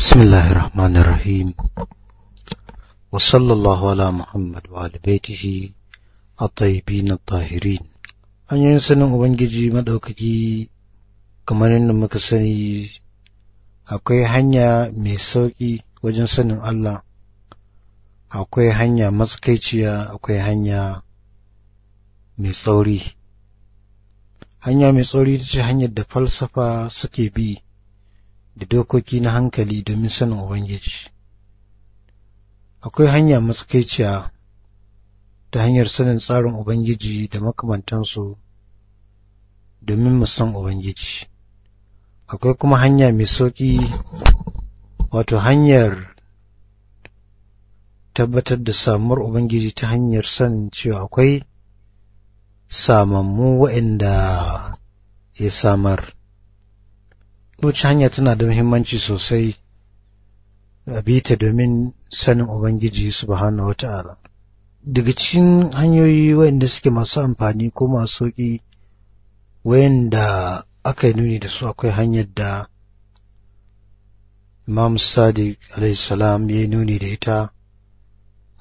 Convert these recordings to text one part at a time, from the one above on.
بسم الله الرحمن الرحيم وصلى ala على محمد وعلى tahirin Hanyoyin sanin ubangiji maɗaukaki kamar yadda muka sani akwai hanya mai sauƙi wajen sanin allah akwai hanya matsakaiciya akwai hanya mai tsauri hanya mai tsauri ta ce hanyar da falsafa suke bi da dokoki na hankali domin sanin Ubangiji. Akwai hanya matsakaiciya ta hanyar sanin tsarin Ubangiji da makamantansu domin mu san Ubangiji. Akwai kuma hanya mai sauƙi wato hanyar tabbatar da samuwar Ubangiji ta hanyar sanin cewa akwai samammu waɗanda ya samar. wacce hanya tana da muhimmanci sosai a bita domin sanin Ubangiji su bahana wata'ala. Daga cikin hanyoyi wayanda suke masu amfani ko masu wayanda aka yi nuni da su akwai hanyar da Imam Sadiq salam ya yi nuni da ita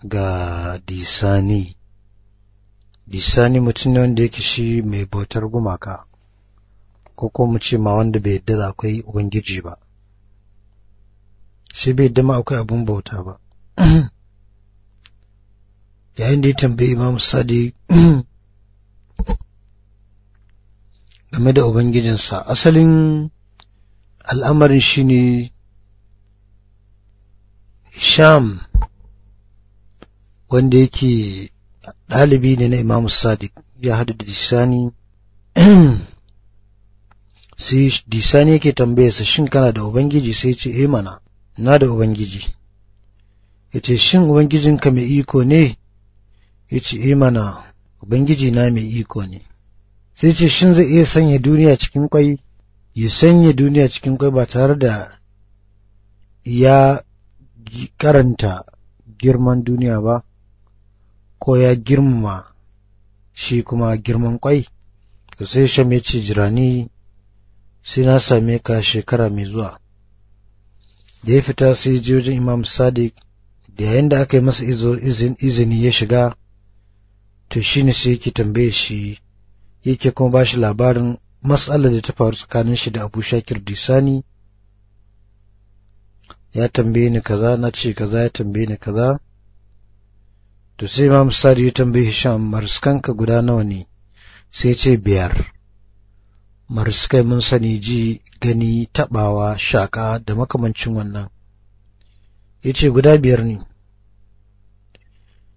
ga Disani. Disani mutum ne wanda yake shi mai bautar gumaka. ko ko mu ce ma wanda bai yadda da akwai ubangiji ba shi bai yadda ma akwai abun bauta ba yayin da ya tambayi imam sadi game da ubangijinsa asalin al'amarin shi ne sham wanda yake ɗalibi ne na imamu Sadi, ya hada da sani sai disani yake tambaye sa shin kana da ubangiji sai ce eh mana na da ubangiji yace shin ubangijinka mai iko ne yace eh mana ubangiji na mai iko ne sai ce shin zai iya sanya duniya cikin kwai ya sanya duniya cikin kwai ba tare da ya karanta girman duniya ba ko ya girmama shi kuma girman kwai sai shi mai ce jirani sai na same ka shekara mai zuwa da ya fita sai ji wajen imam sadiq da yayin da aka yi masa izini ya shiga to shi ne sai yake tambaye shi yake kuma ba shi labarin matsalar da ta faru tsakanin shi da abu shakir disani ya tambaye ni kaza na ce kaza ya tambaye ni kaza to sai imam sadiq ya tambaye shi shan marskanka guda nawa ne sai ce biyar maruskai mun sani ji gani tabawa shaka da makamancin wannan ya ce guda biyar ne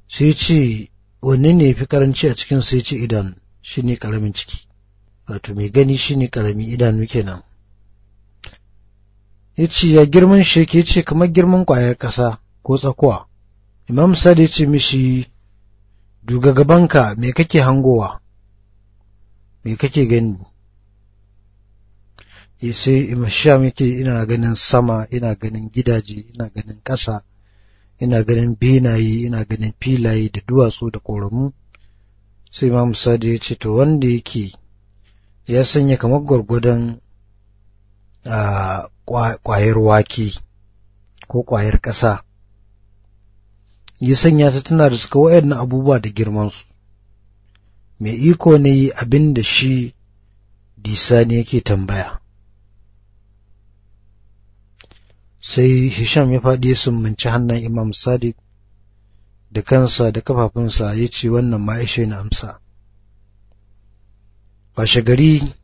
sai ce wanne ne fi karanci a cikin sai ce idan shi ne karamin ciki wato mai gani shi ne karami idanu kenan ya ce ya girman shi ke ce kamar girman kwayar ƙasa ko tsakuwa imam sadi ce mishi duga gabanka me kake hangowa me kake gani sai masha muke ina ganin sama ina ganin gidaje ina ganin ƙasa ina ganin benaye ina ganin filaye da duwatsu da ƙoramu sai ma musadi ya ce to wanda yake ya sanya kamar gwargwadon ƙwayar wake ko ƙwayar ƙasa ya sanya ta tana da suka waɗannan abubuwa da girmansu mai iko ne abin da shi disa ne yake tambaya sai hisham ya faɗi ya sumbanci hannun imam sadiq da kansa da kafafunsa ya ce wannan ma ishe na amsa washe gari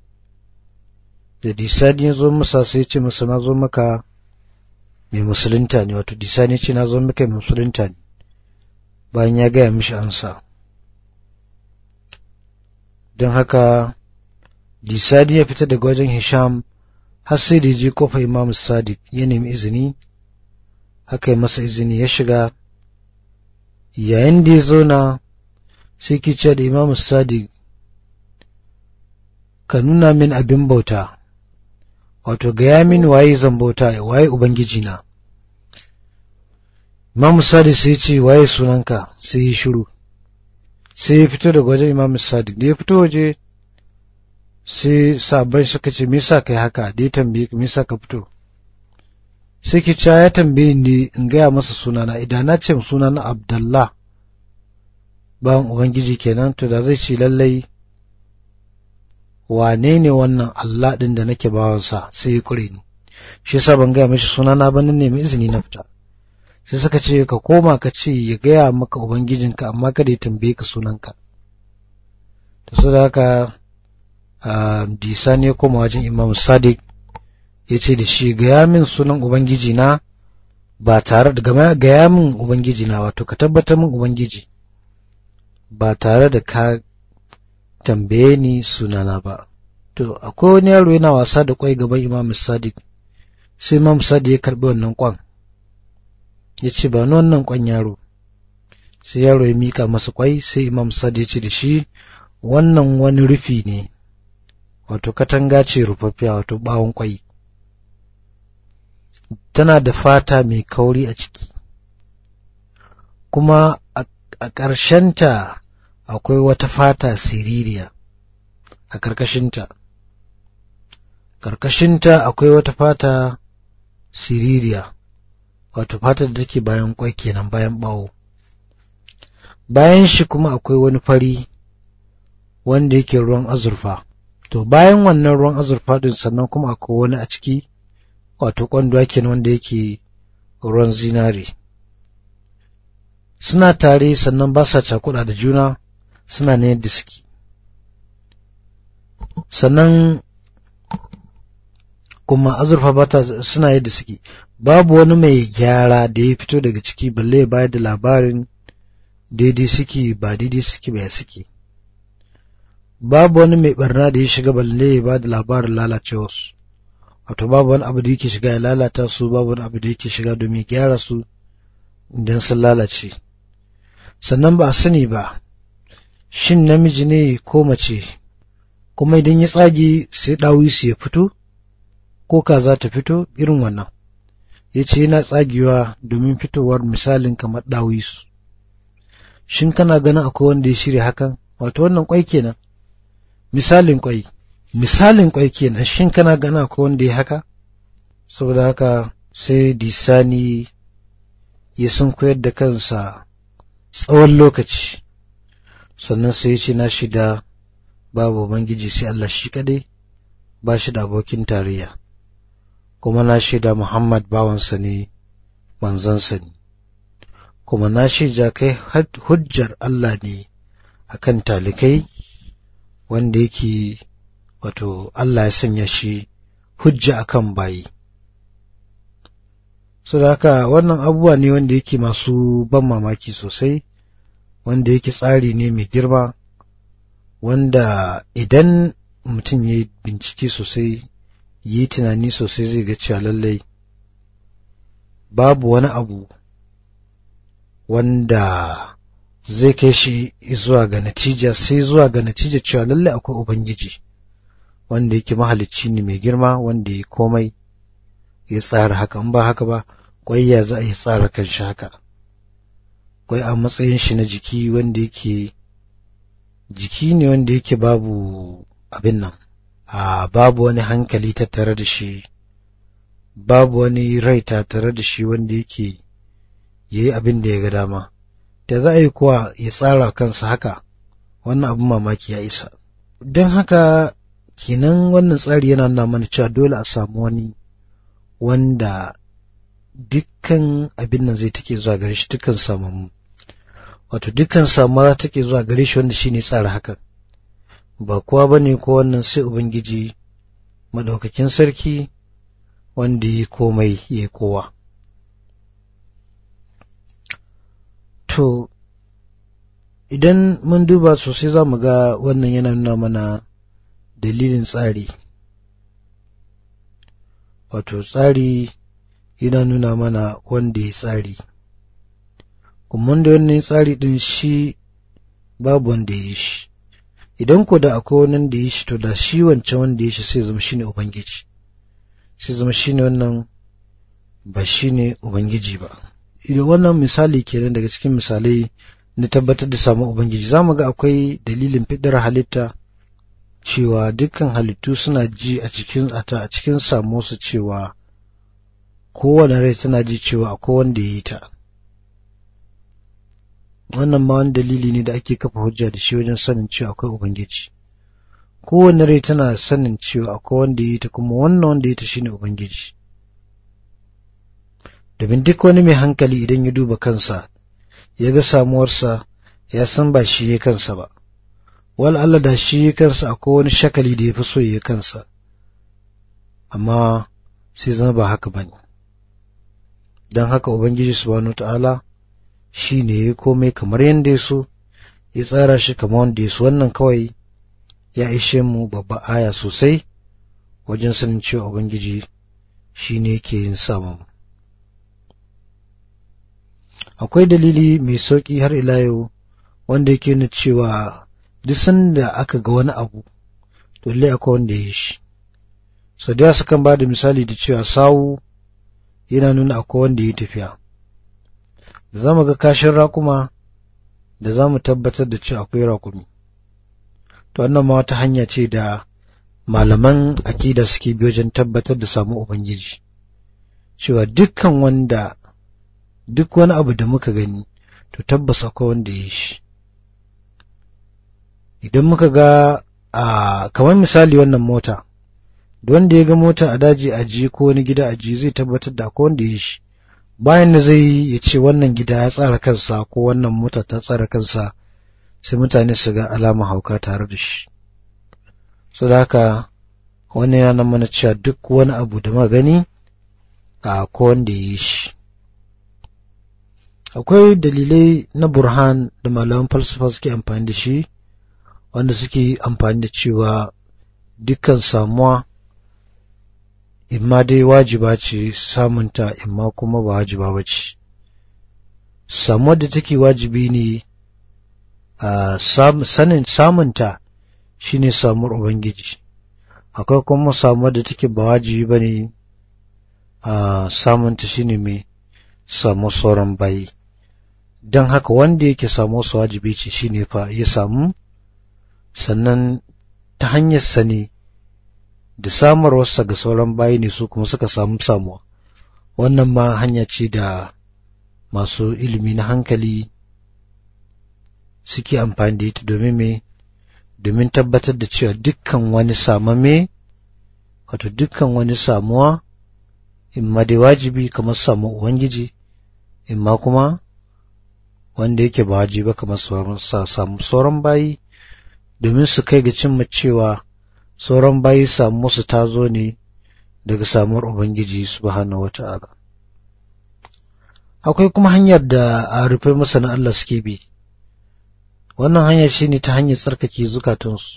da disani ya zo masa sai ya ce masa na zo maka mai musulunta ne wato disani ya ce na zo maka mai musulunta ne bayan ya gaya mishi amsa don haka disani ya fita daga wajen hisham har sai da je kofar imam sadiq ya nemi izini aka yi masa izini ya shiga yayin da ya zauna sai ki ce da imam sadiq ka nuna min abin bauta wato gaya min waye zan bauta waye ubangiji na? imam sadiq sai ce waye sunanka sai ya shiru sai ya fito daga wajen imam sadiq da ya fito waje sai sabon suka ce me yasa kai haka da ya ka me yasa ka fito sai ki ce ya tambaye ni in gaya masa sunana idan na ce sunana Abdullah bayan ubangiji kenan to da zai ce lallai wane ne wannan Allah ɗin da nake bawansa sai ya kure ni shi yasa ban gaya mishi sunana ba nan nemi izini na fita sai suka ce ka koma ka ce ya gaya maka ubangijinka amma kada ya tambaye ka sunanka to saboda haka Ah, sani ya koma wajen imam sadiq ya ce da shi gaya min sunan ubangiji na ba tare da gaya min ubangiji na wato ka tabbatar min ubangiji ba tare da ka tambaye ni sunana ba to akwai wani yaro yana wasa da kwai gaban imam sadiq sai imam sadiq ya karbi wannan kwan ya ce ba ni wannan kwan yaro sai yaro ya mika masa kwai sai imam sadiq ya ce da shi wannan wani rufi ne wato katanga ce rufaffiya wato bawon kwai tana da fata mai kauri a ciki kuma a ƙarshenta akwai wata fata siririya a ƙarƙashinta ƙarƙashinta akwai wata fata siririya wato fata da take bayan kwai kenan bayan bawo bayan shi kuma akwai wani fari wanda yake ruwan azurfa to bayan wannan ruwan azurfa din sannan kuma akwai wani a ciki wato kwanduwa kenan wanda yake ruwan zinare suna tare sannan ba sa cakuda da juna suna ne yadda suke sannan kuma azurfa ba ta suna yadda suke babu wani mai gyara da ya fito daga ciki balle ya bayar da labarin daidai suke ba daidai suke ba ya suke babu wani mai barna da ya shiga balle ya ba da labarin wasu wato babu wani abu da yake shiga ya lalata su babu wani abu da yake shiga domin gyara su idan sun lalace sannan ba a sani ba shin namiji ne ko mace kuma idan ya tsage sai ɗawisu ya fito ko kaza ta fito irin wannan ya ce yana tsagewa domin fitowar misalin kamar ɗawisu shin kana ganin akwai wanda ya shirya hakan wato wannan kwai kenan misalin kwai misalin kwai kenan shin kana gana ko wanda ya haka saboda haka sai disani ya sun koyar da kansa tsawon lokaci sannan sai ya ce na shida babu ubangiji sai Allah shi kadai ba shi da abokin tarayya kuma na shida Muhammad bawansa ne manzansa ne kuma na shi kai hujjar Allah ne akan talikai wanda yake wato Allah ya sanya shi hujja akan bayi so da haka wannan abubuwa ne wanda yake masu ban mamaki sosai wanda yake tsari ne mai girma wanda idan mutum ya bincike sosai yi tunani sosai zai ga cewa lallai babu wani abu wanda zai kai shi zuwa ga natija sai zuwa ga natija cewa lalle akwai ubangiji wanda yake mahalicci ne mai girma wanda ya komai ya tsara haka in ba haka ba kwai ya za a yi tsara kan shi haka kwai a matsayin shi na jiki wanda yake jiki ne wanda yake babu abin nan a babu wani hankali tattare da shi babu wani rai tattare da shi wanda yake yayi abin da ya ga dama da za a yi kuwa ya tsara kansa haka wannan abin mamaki ya isa don haka kinan wannan tsari yana nuna mana cewa dole a samu wani wanda dukkan abin nan zai take zuwa gare shi dukkan samun wato dukkan za take zuwa gare shi wanda shine tsara hakan ba kowa bane ko wannan sai ubangiji maɗaukakin sarki wanda yi komai ya kowa to idan mun duba sosai za mu ga wannan yana nuna mana dalilin tsari wato tsari yana nuna mana wanda ya tsari kuma wanda wannan tsari din shi babu wanda ya shi idan ko da akwai wani da ya shi to da shi wancan wanda ya shi sai zama shi ne ubangiji sai zama shi ne wannan ba shi ne ubangiji ba wannan misali kenan daga cikin misalai na tabbatar da samun ubangiji za mu ga akwai dalilin fidar halitta cewa dukkan halittu suna ji a cikin a cikin samu su cewa kowane rai tana ji cewa a wanda ya yi ta wannan ma wani dalili ne da ake kafa hujja da shi wajen sanin cewa akwai ubangiji kowane rai tana sanin cewa akwai wanda ya yi ta kuma wannan wanda ya yi ta shine ubangiji domin duk wani mai hankali idan ya duba kansa ya ga samuwarsa ya san ba shi ya kansa ba wal Allah da shi ya kansa a wani shakali da ya fi so ya kansa amma sai zama ba haka ba ne don haka ubangiji subhanahu ta'ala shi ne ya komai kamar yadda ya so ya tsara shi kamar wanda ya so wannan kawai ya ishe mu babba aya sosai wajen sanin cewa ubangiji shi ne ke yin samun akwai dalili mai sauƙi har ila yau wanda yake na cewa duk sanda aka ga wani abu to lallai akwai wanda ya shi so da sukan ba da misali da cewa sawu yana nuna akwai wanda ya yi tafiya da za mu ga kashin rakuma da za mu tabbatar da cewa akwai rakumi to wannan ma wata hanya ce da malaman akida suke biyo wajen tabbatar da samu ubangiji cewa dukkan wanda duk wani abu da muka gani to tabbas akwai wanda ya shi idan muka ga a kamar misali wannan mota da wanda ya ga mota a daji a ji ko wani gida a ji zai tabbatar da akwai wanda ya shi bayan da zai ya ce wannan gida ya tsara kansa ko wannan mota ta tsara kansa sai mutane su ga alama hauka tare da shi so da haka wani yana mana cewa duk wani abu da magani a ko wanda ya yi shi akwai dalilai na burhan da malaman falsafa suke amfani da shi wanda suke amfani da cewa dukkan samuwa imma dai wajiba ce samunta imma kuma ba wajiba ba ce samuwar da take wajibi ne a sanin samunta shi ne samuwar ubangiji akwai kuma samuwar da take ba wajibi ba ne a samunta ne mai samu sauran bayi don haka wanda yake samu su wajibi ce shi ne fa ya samu sannan ta hanyar sani da samarwarsa ga sauran bayi ne su kuma suka samu samuwa wannan ma hanya ce da masu ilimi na hankali suke amfani da ita domin me domin tabbatar da cewa dukkan wani samame wato dukkan wani samuwa in ma dai wajibi kamar samu ubangiji in ma kuma wanda yake ba haji ba kamar sauran sauran bayi domin su kai ga cimma cewa sauran bayi samu musu ta zo ne daga samuwar ubangiji subhanahu wata'ala akwai kuma hanyar da a rufe masa na Allah suke bi wannan hanyar ne ta hanyar tsarkake zukatansu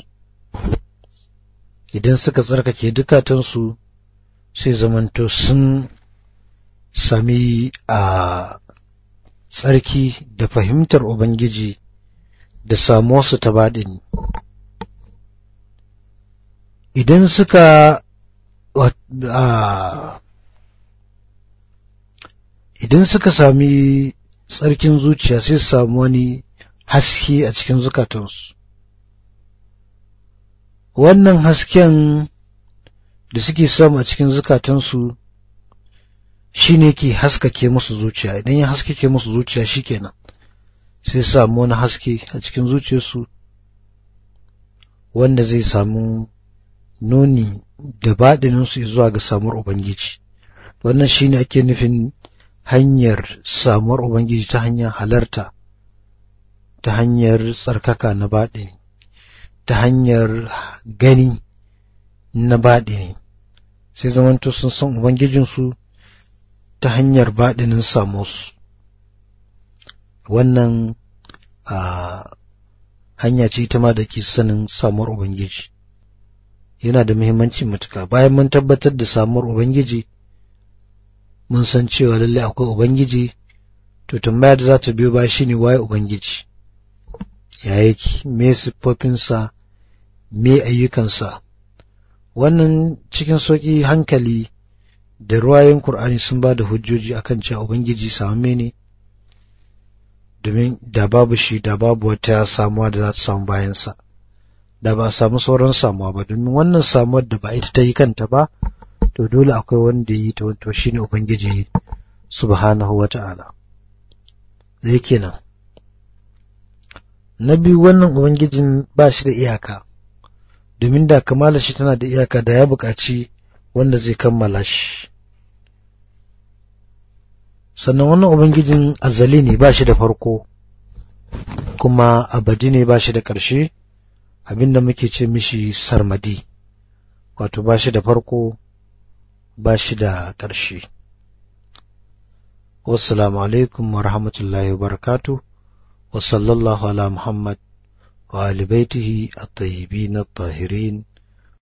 idan suka tsarkake zukatansu sai zamanto sun sami a ah, tsarki da fahimtar Ubangiji da samuwarsu ta baɗini. Idan suka idan suka sami tsarkin zuciya sai su sami wani haske a cikin zukatansu. Wannan hasken da suke samu a cikin zukatansu shi ne ke haskake musu zuciya idan ya haskake musu zuciya shi kenan, sai samu wani haske a cikin zuciyarsu wanda zai samu nuni da baɗininsu zuwa ga samuwar ubangiji wannan shi ne ake nufin hanyar samuwar ubangiji ta hanyar halarta ta hanyar tsarkaka na baɗini ta hanyar gani na baɗini sai zamanto sun san ubangijinsu ta hanyar baɗinin samus wannan a hanya ce ita ma da ke sanin samuwar ubangiji yana da muhimmanci matuka bayan mun tabbatar da samuwar ubangiji mun san cewa lallai akwai ubangiji to tambaya da za ta biyo ba shi ne waye ubangiji ya yake me siffofinsa me ayyukansa wannan cikin sauƙi hankali da ruwayen Kur'ani sun ba da hujjoji akan cewa Ubangiji same ne domin da babu shi da babu wata samuwa da za ta samu bayansa da ba a samu sauran samuwa ba domin wannan samuwar da ba ita ta yi kanta ba to dole akwai wanda yi ta wato ne Ubangiji subhanahu wa ta'ala zai kenan na biyu wannan Ubangijin ba shi da iyaka domin da kamala shi tana da iyaka da ya buƙaci wanda zai kammala shi sannan wannan ubangijin azali ne ba shi da farko kuma abadi ne ba shi da ƙarshe abinda muke ce mishi sarmadi wato ba shi da farko ba shi da ƙarshe wassalamu alaikum wa rahmatullahi wa barakatu wa sallallahu ala muhammad wa alibaitihi a tayyibin na tahirin